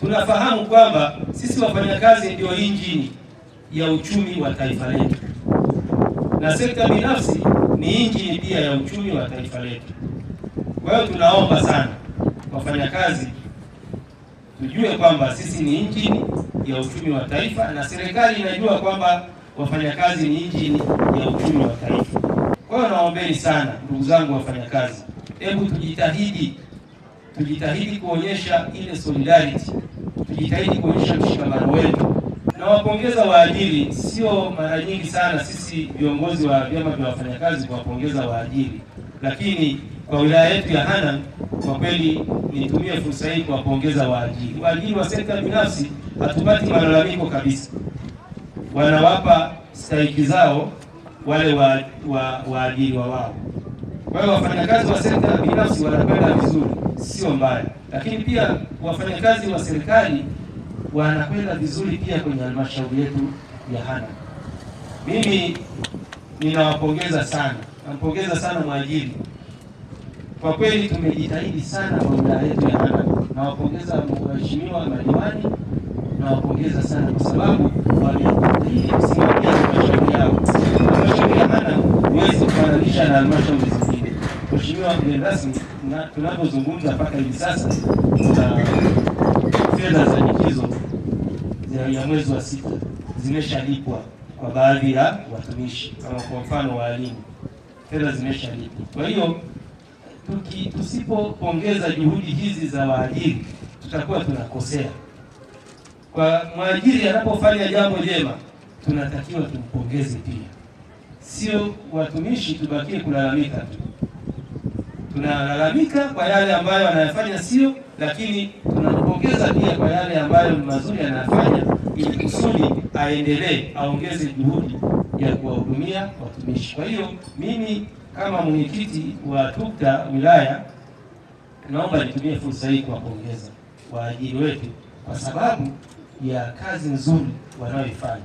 tunafahamu kwamba sisi wafanyakazi ndio injini ya uchumi wa taifa letu, na sekta binafsi ni injini pia ya uchumi wa taifa letu. Kwa hiyo tunaomba sana wafanyakazi, tujue kwamba sisi ni injini ya uchumi wa taifa, na serikali inajua kwamba wafanyakazi ni injini ya uchumi wa taifa. Kwa hiyo naombeni sana ndugu zangu wafanyakazi, hebu tujitahidi tujitahidi kuonyesha ile solidarity, tujitahidi kuonyesha mshikamano wetu. Nawapongeza waajiri, sio mara nyingi sana sisi viongozi wa vyama vya wafanyakazi kuwapongeza waajiri, lakini kwa wilaya yetu ya Hanang' kwa kweli nitumie fursa hii kuwapongeza waajiri. Waajiri wa sekta binafsi hatupati malalamiko kabisa, wanawapa stahiki zao wale wa, wa, wa wao kwa hiyo wafanyakazi wa sekta binafsi wanakwenda vizuri, sio mbaya, lakini pia wafanyakazi wa serikali wanakwenda vizuri pia kwenye halmashauri yetu ya Hana. Mimi ninawapongeza sana, nampongeza sana mwajiri kwa kweli tumejitahidi sana kwa wilaya yetu ya Hana. Nawapongeza mheshimiwa madiwani, nawapongeza sana kwa sababu wamejitahidi kusimamia halmashauri yao. Halmashauri ya Hana huwezi kufananisha na halmashauri Mheshimiwa mgeni rasmi, tunapozungumza mpaka hivi sasa fedha za likizo ya mwezi wa sita zimeshalipwa kwa baadhi ya watumishi, kama kwa mfano waalimu, fedha zimeshalipwa. Kwa hiyo tusipopongeza juhudi hizi za waajiri tutakuwa tunakosea. Kwa mwajiri anapofanya jambo jema, tunatakiwa tumpongeze pia, sio watumishi tubakie kulalamika tu tunalalamika kwa yale ambayo anayafanya sio, lakini tunapongeza pia kwa yale ambayo ni mazuri anayafanya, ili kusudi aendelee, aongeze juhudi ya kuwahudumia watumishi. Kwa hiyo mimi kama mwenyekiti wa TUCTA wilaya naomba nitumie fursa hii kuwapongeza waajiri wetu kwa sababu ya kazi nzuri wanayoifanya.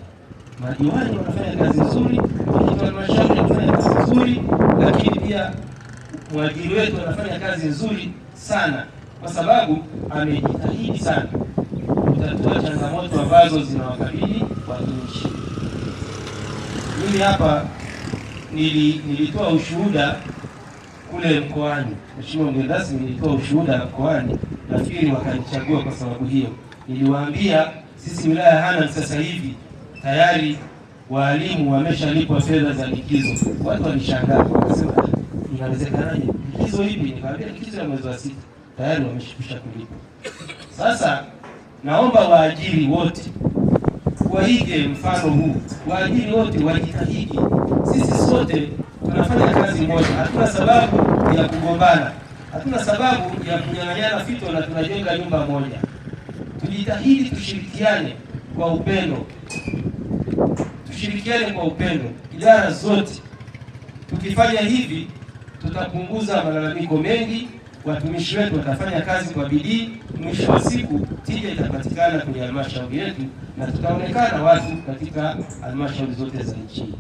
Madiwani wanafanya kazi nzuri, wenyekiti wa halmashauri wanafanya kazi nzuri, lakini pia mwajiri wetu anafanya kazi nzuri sana, kwa sababu amejitahidi sana kutatua changamoto ambazo zinawakabili watumishi. Mimi hapa nili, nilitoa ushuhuda kule mkoani. Mheshimiwa mgeni rasmi, nilitoa ushuhuda mkoani, nafikiri wakanichagua kwa sababu hiyo. Niliwaambia sisi wilaya Hanang sasa hivi tayari waalimu wameshalipwa fedha za likizo. Watu walishangaa wakasema inawezekanaje? Likizo hivi Nikamwambia likizo ya mwezi wa sita. Tayari wameshikisha kulipa. Sasa naomba waajiri wote waige mfano huu, waajiri wote wajitahidi. Sisi sote tunafanya kazi moja, hatuna sababu ya kugombana, hatuna sababu ya kunyang'anyana fito, na tunajenga nyumba moja. Tujitahidi, tushirikiane kwa upendo, tushirikiane kwa upendo, idara zote. Tukifanya hivi tutapunguza malalamiko mengi, watumishi wetu watafanya kazi kwa bidii, mwisho wa siku tija itapatikana kwenye halmashauri yetu na tutaonekana watu katika halmashauri zote za nchi.